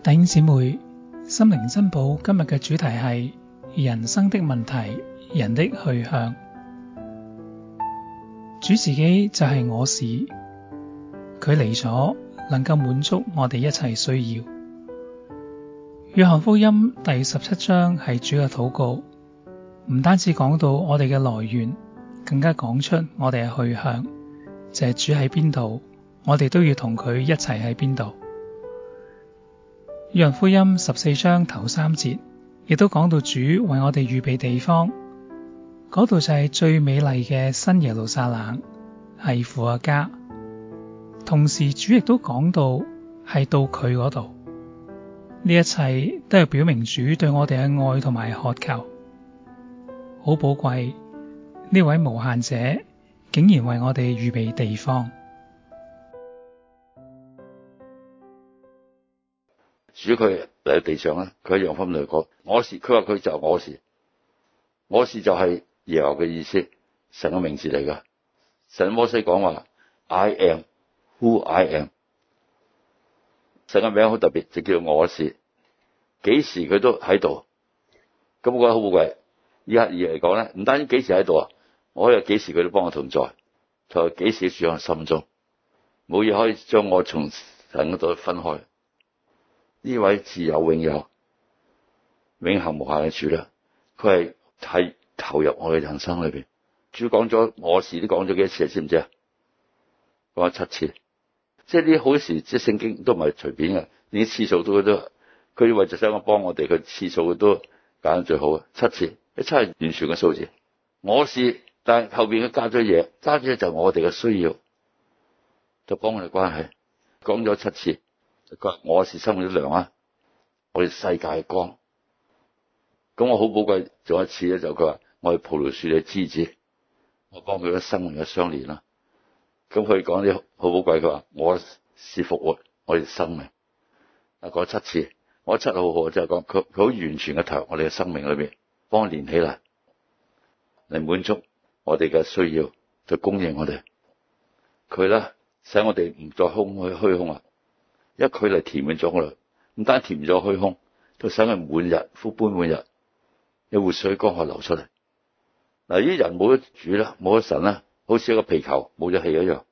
弟兄姊妹心靈珍寶今日嘅主題係人生的問題，人的去向。主自己就係我士，佢嚟咗能夠滿足我哋一切需要。約翰福音第十七章係主嘅禱告，唔單止講到我哋嘅來源，更加講出我哋嘅去向，就係主喺邊度，我哋都要同佢一齊喺邊度。約翰福音十四章頭三節，亦都講到主為我哋預備地方，嗰度就係最美麗嘅新耶路撒冷，係父阿家。同時主亦都講到係到佢嗰度，呢一切都係表明主對我哋嘅愛同埋渴求，好寶貴。呢位無限者竟然為我哋預備地方。主佢嚟到地上咧，佢喺樣分兩講。我是佢話佢就我是，我是就係耶和嘅意思，神嘅名字嚟嘅。神摩西講話，I am who I am。神嘅名好特別，就叫我是。幾時佢都喺度，咁我覺得好寶貴。以一以嚟講咧，唔單止幾時喺度啊，我有幾時佢都幫我同在，同埋幾時住喺心中，冇嘢可以將我從神嗰度分開。呢位自有永有、永恒無限嘅主啦，佢係係投入我嘅人生裏邊。主講咗我事都講咗幾多次，知唔知啊？講咗七次，即係呢啲好事，即係聖經都唔係隨便嘅，連次數都都，佢為著想我幫我哋，佢次數都揀最好嘅七次，一七係完全嘅數字。我事但係後邊佢加咗嘢，加咗嘢就係我哋嘅需要，就幫我哋關係講咗七次。佢話：我是生命嘅糧啊！我係世界嘅光。咁我好寶貴做一次咧，就佢、是、話：我係葡萄樹嘅枝子，我幫佢嘅生命嘅相連啦。咁佢講啲好寶貴，佢話我是復活、啊，我係生命。啊，講七次，我七好好就係講佢，佢好完全嘅投入我哋嘅生命裏邊，幫我連起嚟嚟滿足我哋嘅需要，就供應我哋。佢咧使我哋唔再空虛虛空啊！一距離填滿咗啦，唔單填咗虛空，就使佢滿日復搬滿日，有活水江河流出嚟。嗱，呢人冇得主啦，冇得神啦，好似一個皮球冇咗氣一樣。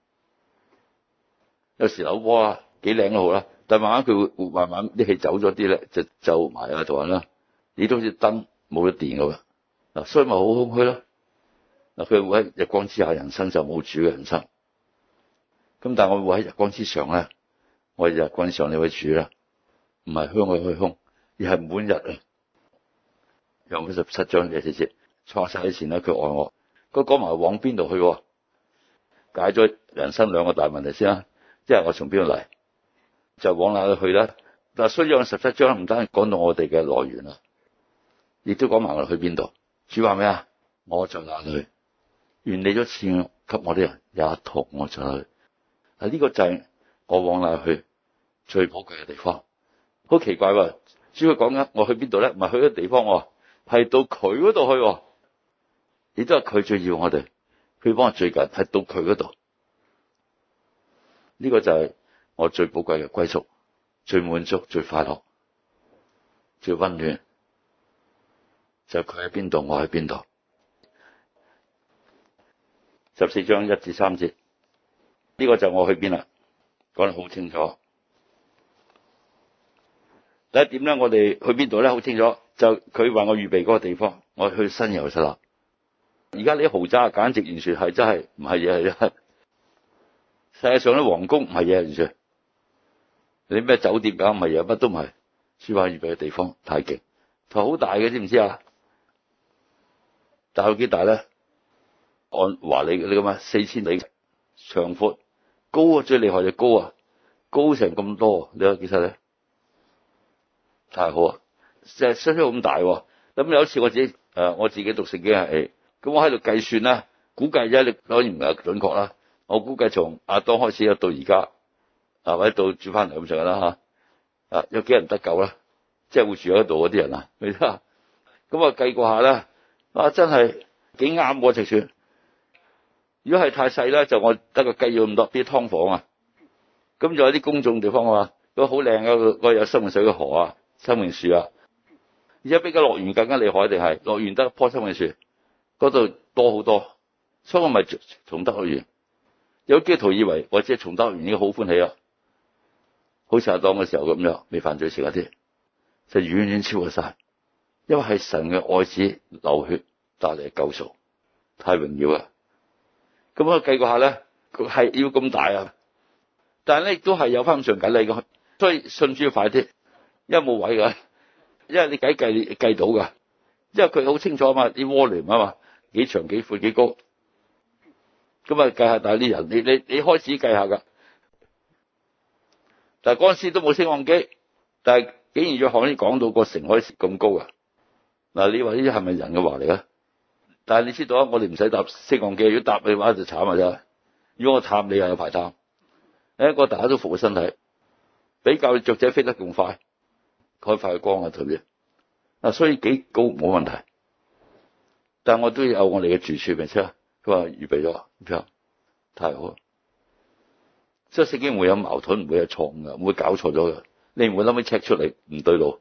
有時扭波啊，幾靚都好啦，但係慢慢佢會慢慢啲氣走咗啲咧，就就埋啊度人啦。你都好似燈冇得電咁啊，所以咪好空虛咯。嗱，佢會喺日光之下，人生就冇主嘅人生。咁但係我會喺日光之上咧。我日日上上你位住啦，唔係向內開胸，而係滿日啊，用嗰十七章嘅直接創世以前咧，佢愛我，佢講埋往邊度去，解咗人生兩個大問題先啊，即係我從邊度嚟，就往哪裏去啦。嗱，所以我十七章唔單係講到我哋嘅來源啦，亦都講埋我哋去邊度。主話咩啊？我就哪裏去，願祢所賜給我啲人也同我就去。啊，呢個就係、是。我往哪去最寶貴嘅地方，好奇怪喎、啊！主要講緊我去邊度咧，唔係去個地方、哦，我係到佢嗰度去、哦，亦都係佢最要我哋佢幫我最近，係到佢嗰度。呢、這個就係我最寶貴嘅歸宿，最滿足、最快樂、最溫暖，就佢喺邊度，我喺邊度。十四章一至三節，呢、這個就我去邊啦。講得好清楚。第一點咧，我哋去邊度咧？好清楚，就佢話我預備嗰個地方，我去新油室啦。而家呢豪宅啊，簡直完全係真係唔係嘢，係世界上啲皇宮唔係嘢，完全你咩酒店咁唔係嘢，乜都唔係。主話預備嘅地方太勁，台好大嘅，知唔知啊？大到幾大咧？按華里你啲咁啊，四千里長闊高啊，最厲害就高啊！高成咁多，你睇下幾細咧？太好啊！即係相差咁大喎。咁有一次我自己誒、呃，我自己讀聖經係，咁我喺度計算啦，估計啫，當然唔準確啦。我估計從阿當開始到而家、啊，或者到住翻嚟咁上啦嚇？啊，有幾人得救啦？即係會住喺度嗰啲人啊，咁啊計過下啦，啊真係幾啱喎，直算。如果係太細啦，就我得個計要咁多啲劏房啊。咁仲有啲公眾地方啊嘛，都好靚啊，嗰個有生命水嘅河啊，生命樹啊，而家比個樂園更加厲害，定係樂園得棵生命樹，嗰度多好多，所以我咪重德樂園，有基督徒以為或者重德樂園已經好歡喜啊，好似阿當嘅時候咁樣未犯罪時嗰啲，就遠遠超過晒，因為係神嘅愛子流血帶嚟嘅救贖，太榮耀啦，咁我計過下咧，佢係要咁大啊！但係咧，亦都係有翻上長緊力噶，所以順住要快啲，因為冇位噶，因為你計計計到噶，因為佢好清楚啊嘛，啲蝸牛啊嘛，幾長幾闊幾高，咁啊計下。但係啲人，你你你開始計下噶，但係嗰陣時都冇升降機，但係竟然喺啲講到個城海石咁高啊！嗱，你是是話呢啲係咪人嘅話嚟咧？但係你知道啊，我哋唔使搭升降機，如果搭嘅話就慘啊！真如果我探你又有排探。一個大家都服務身體，比較雀仔飛得咁快，可快光啊，對唔、啊、所以幾高冇問題，但係我都有我哋嘅住處，明唔明啊？佢話預備咗，太好。即係聖經唔會有矛盾，唔會有錯誤噶，唔會搞錯咗噶。你唔會諗起 check 出嚟唔對路。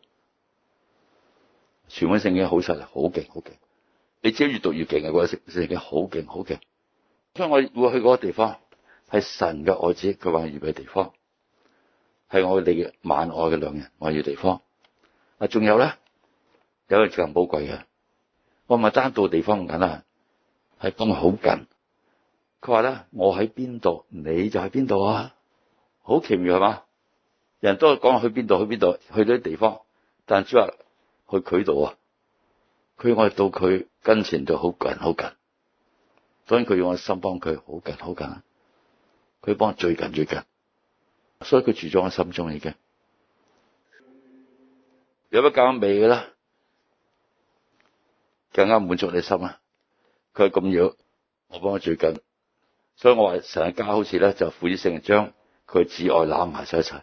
全本聖經好晒，好勁，好勁。你只要越讀越勁嘅嗰個聖聖經，好勁，好勁。所以我會去嗰個地方。係神嘅愛子，佢話預備地方，係我哋萬愛嘅良人，我要地方啊！仲有咧，有嘢更寶貴嘅，我唔係單到地方咁緊啊，係咁好近。佢話咧，我喺邊度，你就喺邊度啊！好奇妙係嘛？人都係講去邊度，去邊度，去到啲地方，但主話去佢度啊！佢我到佢跟前就好近好近，所以佢用我心幫佢，好近好近。佢幫我最近最近，所以佢住咗我心中已經，有乜咁味嘅啦，更加滿足你心啦。佢咁要，我幫最近，所以我話成日家好似咧就付之成章，將佢摯愛攬埋晒一齊，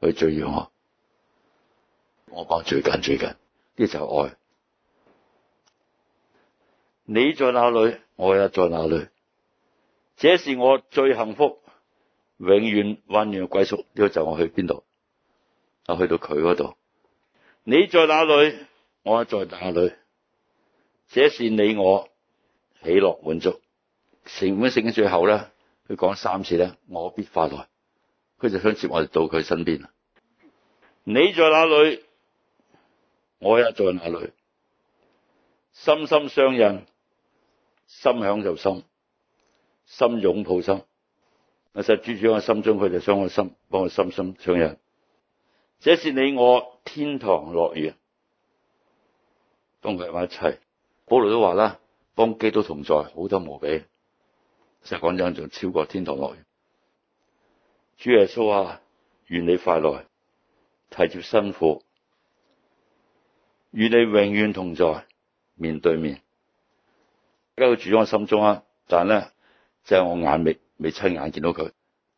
佢最要我，我幫最近最近，呢就愛，你在哪裏，我也在哪裏。這是我最幸福，永遠溫暖嘅歸宿。呢個就我去邊度？我去到佢嗰度，你在哪裡，我在哪裡。這是你我喜樂滿足，成本聖經嘅最後咧，佢講三次咧，我必快來，佢就想接我哋到佢身邊啊！你在哪裡，我也在哪裡，心心相印，心享受心。心擁抱心，其實主住喺我心中，佢就想我心，幫我心心相印。這是你我天堂樂園，幫佢埋一齊。保羅都話啦，幫基督同在，好得無比。實講印象超過天堂樂園。主耶穌啊，願你快來，提接教會，與你永遠同在，面對面。而家佢住住喺我心中啊，但係咧。就係我眼未未親眼見到佢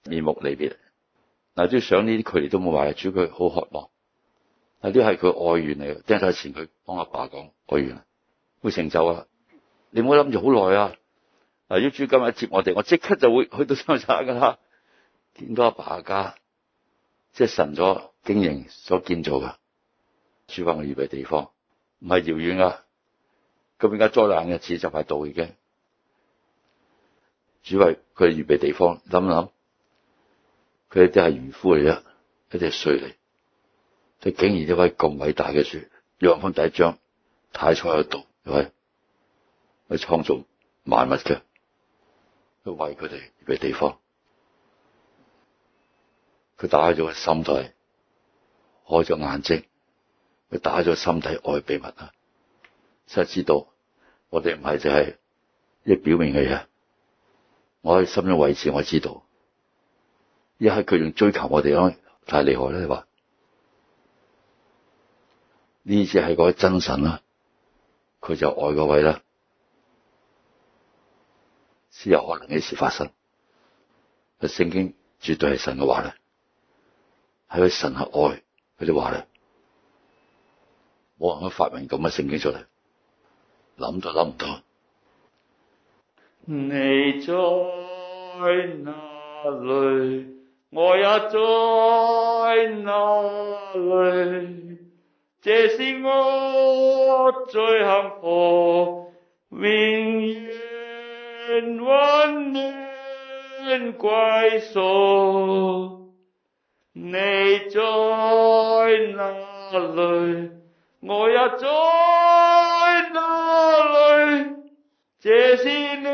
面目離別，嗱啲想呢啲距離都冇話，主佢好渴望，嗱呢係佢外願嚟嘅，掟晒錢佢幫阿爸講外願，會成就啊！你唔好諗住好耐啊，嗱要主今日接我哋，我即刻就會去到深茶噶啦，見到阿爸爸家，即係神所經營所建造嘅主為我預備地方，唔係遙遠啊。咁而家災難嘅次就係到嘅。主為佢哋預備地方，諗諗佢一啲係漁夫嚟嘅，一啲稅吏嚟，佢竟然一位咁偉大嘅主，約翰福音第一章，太初有道，又係去創造萬物嘅，去為佢哋預備地方。佢打開咗個心態，開咗眼睛，佢打開咗心底愛秘密啦，先知道我哋唔係就係一表面嘅嘢。我喺心中位置我知道，一係佢仲追求我哋咧，太厲害啦。你話呢只係嗰位真神啦，佢就愛嗰位啦，先有可能嘅事發生。聖經絕對係神嘅話咧，係位神係愛佢哋話咧，冇人可以發明咁嘅聖經出嚟，諗都諗唔到。你在哪裡，我也在哪裡，這是我最幸福，永遠溫暖歸宿。你在哪裡，我也在哪裡，這是你。